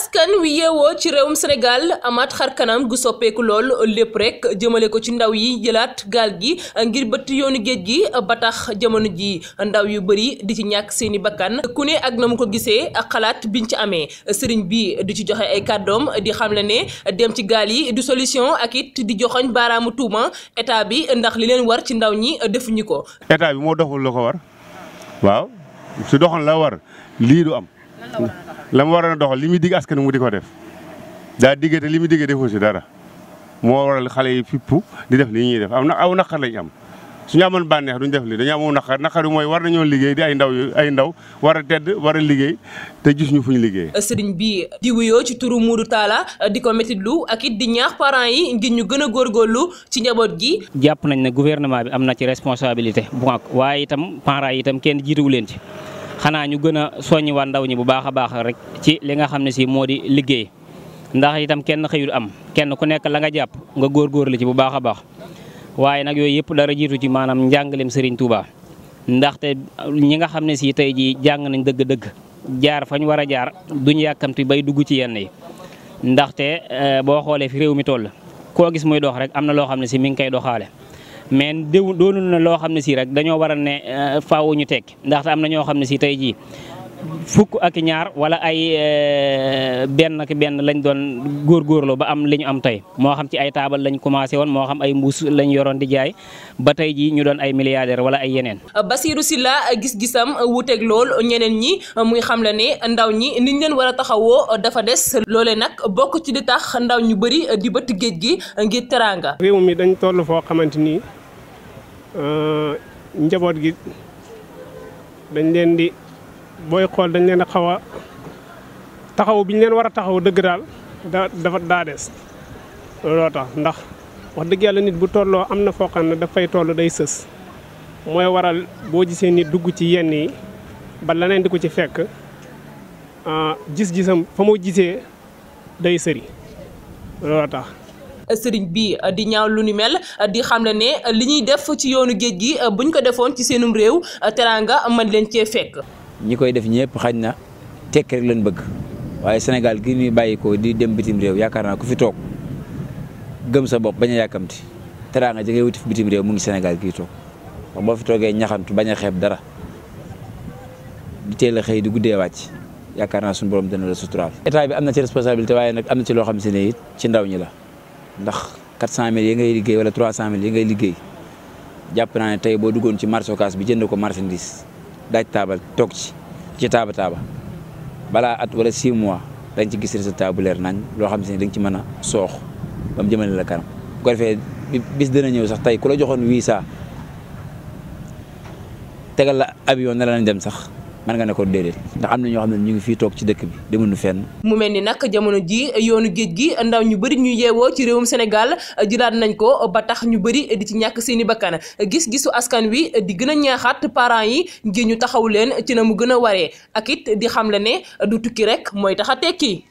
askan wi yeewoo ci réewum Sénégal amaat xar kanam gu soppeeku lool lépp rek jëmale ko ci ndaw yi jëlaat gaal gi ngir bëtt yoonu géej gi ba tax jamono ji ndaw yu bëri di ci ñàkk seeni bakkan ku ne ak na mu ko gisee xalaat biñ ci amee sëriñ bi di ci joxe ay kàddoom di xam xamle ne dem ci gaal yi du solution ak it di joxoñ baaraamu tuuma état bi ndax li leen war ci ndaw ñi defuñu ko. état bi moo doxul la ko war waaw su doxoon la war lii du am. la mu waroon a doxal li muy digg askan mu di ko def daa diggante li muy diggee defoo dara moo waral xale yi fippu di def li ñuy def am na aw naqar lañ am suñu amoon bànneex duñ def li dañu amoon naqar naqar bi mooy war nañoo liggéey di ay ndaw ay ndaw war a tedd war a liggéey te gis ñu fu ñu liggéey sëriñ bi di wuyoo ci turu Modou taala di ko lu ak it di ñaax parents yi ngir ñu gën a góorgóorlu ci njaboot gi jàpp nañ ne gouvernement bi am na ci responsabilité bu waaye itam parents yi itam kenn jiituwu leen ci xanaa ñu gën a soññ waa ndaw ñi bu baax a baax rek ci li nga xam ne si moo di liggéey ndax itam kenn xëyul am kenn ku nekk la nga jàpp nga góor góor góorgóorlu ci bu baax a baax waaye nag yooyu yëpp dara jiitu ci maanaam njàng njàngaleem Serigne Touba ndaxte ñi nga xam ne si tey jii jàng nañ dëgg-dëgg jaar fañ war a jaar duñu yàkkamti bay dugg ci yenn yi ndaxte eh, boo xoolee fi réew mi toll koo gis muy dox rek am na loo xam ne si mi ngi koy doxaale mais déw doonul na loo xam ne si rek dañoo war a ne euh, faaw ñu tekki ndaxte am na ñoo xam ne si tey ji fukk ak ñaar wala ay euh, benn ak benn lañ doon góor góorgóorloo ba am li ñu am tey moo xam ci ay taabal lañ commencé woon moo xam ay mbuus lañ yoroon di jaay ba tey jii ñu doon ay milliardaire wala ay yeneen. Basirou la gis-gisam wuuteeg lool ñeneen ñi muy xam la ne ndaw ñi niñ leen war a taxawoo dafa des loole nag bokk ci di tax ndaw ñu bëri di bëtt géej gi ngir teraanga. njaboot gi dañ leen di booy xool dañ leen a xaw a taxaw bi ñu leen war a taxaw dëgg daal da dafa daa des looloo ndax wax dëgg yàlla nit bu tolloo am na foo xam ne dafay toll day sës mooy waral boo gisee nit dugg ci yenn yi ba leneen di ko ci fekk ah, gis-gisam fa mu gisee day sëri looloo tax sëriñ bi uh, di ñaaw lu ni mel uh, di xam le ne uh, li ñuy def ci yoonu géej gi buñ ko defoon ci seenum réew teraanga man leen cee fekk. ñi koy def ñëpp xaj na tekki rek lañ bëgg waaye Sénégal gi ñuy bàyyi ko di dem bitim réew yaakaar naa ku fi toog gëm sa bopp bañ a yàkkamti teraanga ji ngay wuti fi bitim réew mu ngi Sénégal gii toog wax boo fi toogee ñaxantu bañ a xeeb dara di teel a xëy di guddee wàcc. yaakaar naa suñu borom dana la suturaal état bi am na ci responsabilité waaye nag am na ci loo xam si ci ndaw ñi la ndax 400000 yi ngay liggéey wala 300000 yi ngay liggéey jàpp naa ne tey boo duggoon ci marché Ocass bi jënd ko marchandise daaj taabal toog ci ci taaba taaba balaa at wala 6 mois dañ ci gis résultat bu nañ loo xam si ni dañ ci mën a soox ba mu jëmale la kanam bu ko bis dana ñëw sax tey ku la joxoon visa tegal la avion ne la nañ dem sax. man nga ne ko déedéet ndax am na ñoo xam ne ñu ngi fii toog ci dëkk bi demuñu fenn mu mel ni nag jamono ji yoonu géej gi ndaw ñu bari ñu yeewoo ci réewum Sénégal jëlaat nañ ko ba tax ñu bëri di ci ñàkk seeni bakkan gis-gisu askan wi di gën a ñaaxaat parents yi ngir ñu taxaw leen ci na mu gën a waree ak it di xam le ne du tukki rek mooy tax a tekki